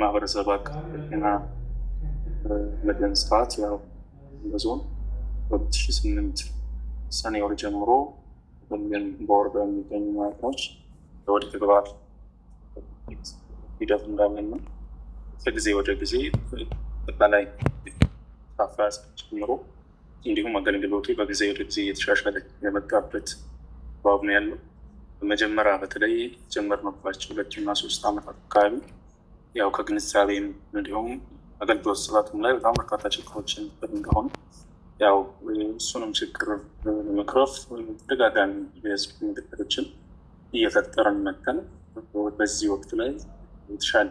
ማህበረሰብ አቀፍ ጤና መድህን ስርዓት ያው በዞን በሁለት ሺህ ስምንት ሰኔ ወር ጀምሮ በሚሊዮን በወረዳ የሚገኙ ማዕከሎች ወደ ተግባር ሂደት እንዳለን ነው። ከጊዜ ወደ ጊዜ ጠቃላይ አፈጻጸም ጀምሮ እንዲሁም አገልግሎቱ በጊዜ ወደ ጊዜ እየተሻሻለ የመጣበት ባብ ነው ያለው። መጀመሪያ በተለይ ጀመርንባቸው ሁለትና ሶስት ዓመታት አካባቢ ያው ከግንዛቤም እንዲሁም አገልግሎት ስርዓቱም ላይ በጣም በርካታ ችግሮችን እንደሆኑ ያው እሱንም ችግር ለመቅረፍ ተደጋጋሚ የህዝብ ምግግሮችን እየፈጠረን መተን በዚህ ወቅት ላይ የተሻለ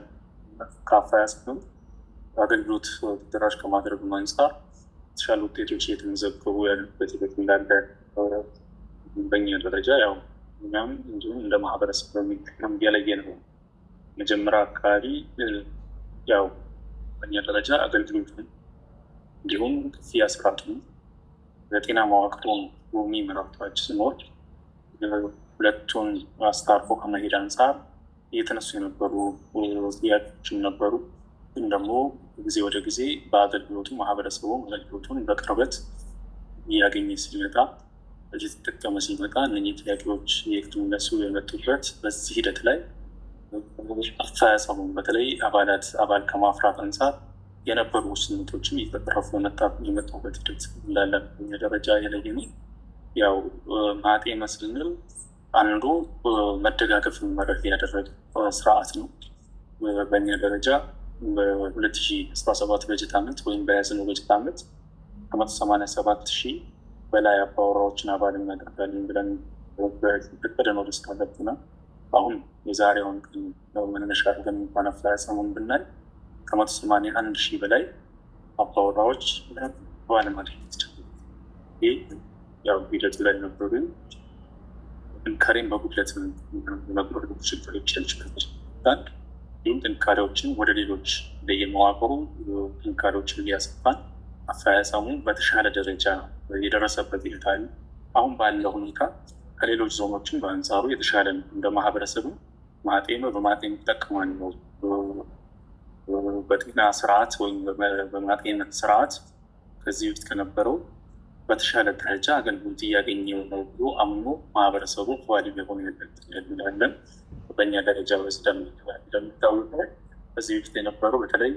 ካፋያ ሲሆን አገልግሎት ተደራሽ ከማድረግ አንጻር የተሻለ ውጤቶች እየተመዘገቡ ያሉበት ሂደት እንዳለ በኛ ደረጃ ያው እኛም እንዲሁም እንደ ማህበረሰብ በሚጠቀም እያለየ ነው። መጀመሪያ አካባቢ ያው በኛ ደረጃ አገልግሎቱን እንዲሁም ክፍያ ለጤና በጤና ሚ የሚመራቷች ስኖች ሁለቱን አስታርፎ ከመሄድ አንጻር እየተነሱ የነበሩ ጥያቄዎችም ነበሩ። ግን ደግሞ ጊዜ ወደ ጊዜ በአገልግሎቱ ማህበረሰቡ አገልግሎቱን በቅርበት እያገኘ ሲመጣ እየተጠቀመ ሲመጣ እነ ጥያቄዎች የክትመለሱ የመጡበት በዚህ ሂደት ላይ አፈጻጸሙን በተለይ አባላት አባል ከማፍራት አንጻር የነበሩ ውስንቶችም እየተቀረፉ የመጣበት ሂደት እንዳለ ደረጃ የለየሚ ያው ማጤ መስልንል አንዱ መደጋገፍ መረፍ ያደረገ ስርዓት ነው። በእኛ ደረጃ በ2017 በጀት ዓመት ወይም በያዝነው በጀት ዓመት ከ187 ሺህ በላይ አባወራዎችን አባል እናደርጋለን ብለን እቅድ ነው ደስ ካለብና አሁን የዛሬውን መነሻ አድርገን እንኳን አፈጻጸሙን ብናይ ከመቶ ሰማንያ አንድ ሺህ በላይ አባወራዎች አባል ማድረግ ይቻላል። ይህ ያው ሂደቱ ላይ ነበሩ ጥንካሬን በጉድለት መቁረጥ ችግሮች ችግሮች አንድ ይህም ጥንካሬዎችን ወደ ሌሎች ለየመዋቅሩ ጥንካሬዎችን እያሰፋን አፈያሰሙ በተሻለ ደረጃ የደረሰበት ይልታዩ አሁን ባለው ሁኔታ ከሌሎች ዞኖችን በአንጻሩ የተሻለ እንደ ማህበረሰቡ ማጤኑ በማጤ ይጠቀማል ነው። በጤና ስርዓት ወይም በማጤን ስርዓት ከዚህ በፊት ከነበረው በተሻለ ደረጃ አገልግሎት እያገኘ ነው ብሎ አምኖ ማህበረሰቡ ኳሊ የሆነ ያለን በእኛ ደረጃ ወስደን እንደሚታወቀው ከዚህ በፊት የነበረው በተለይ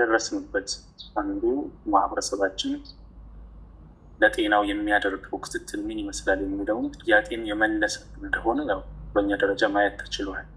ደረስንበት አንዱ ማህበረሰባችን ለጤናው የሚያደርገው ክትትል ምን ይመስላል የሚለውን ጥያቄን የመለሰ እንደሆነ ነው በእኛ ደረጃ ማየት ተችሏል።